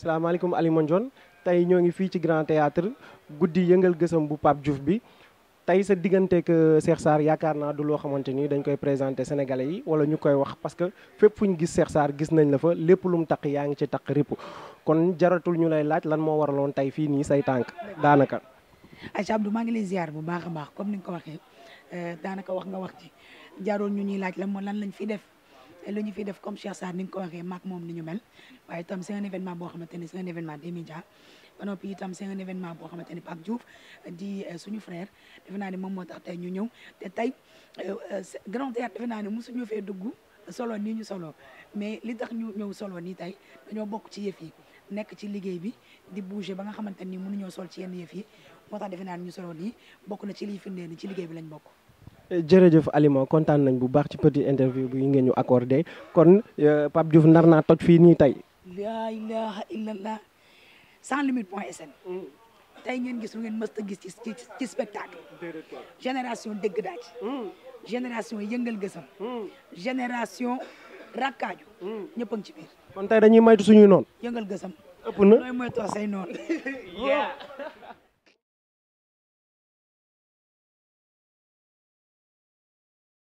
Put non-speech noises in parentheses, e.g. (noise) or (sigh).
salaamaaleykum Aliou Mandione tey ñoo ngi fii ci Grand Théâtre guddi yëngal gësam bu Pape Diouf bi tey sa diggante digganteeg euh, Cheikh Sarr yaakaar naa du loo xamante ni dañ koy présenté Sénégalais yi wala ñu koy wax parce que fépp fu ñu gis Cheikh Sarr gis nañ la fa lépp lu mu takk yaa ngi ci takk ripp kon jaratul ñu lay laaj lan moo waraloon tey fii nii say tànk daanaka. Aïcha Abdou maa ngi lay ziar bu baax a baax comme ni nga ko waxee euh, daanaka wax nga wax ci jaroon ñu ñuy laaj lan moo lan lañ fi def. li ñu fiy def comme Cheikh Sarr ni nga ko waxee maak moom ni ñu mel waaye itam c'est un événement boo xamante ni c'est un événement des médias ba noppi itam c'est un événement boo xamante ni Pape Diouf di euh, suñu frère defe naa ne moom moo tax tey ñu ñëw te tey euh, euh, grand théâtre defe naa ne mosuñu fee dugg solo nii ñu solo mais li tax ñu ñëw solo nii tey dañoo bokk ci yëf yi nekk ci liggéey bi di bouger ba nga xamante ni mënuñoo sol ci yenn yëf yi moo tax defe naa ne ñu solo nii bokk na ci liy firndee ni ci liggéey bi lañ bokk jërëjëf aliment kontaan nañ bu baax ci petite interview bi ngeen ñu accordé kon euh, Pape Diouf nar naa toj fii nii tey. la ilaha illallah sans limite point sn. tey ngeen gis lu ngeen mës gis ci ci spectacle. génération dégg daaj. génération yëngal gësam. génération rakkaaju. ñëpp a ci biir. kon tey dañuy maytu suñuy noonu. yëngal gësam. ëpp na say noonu. (laughs)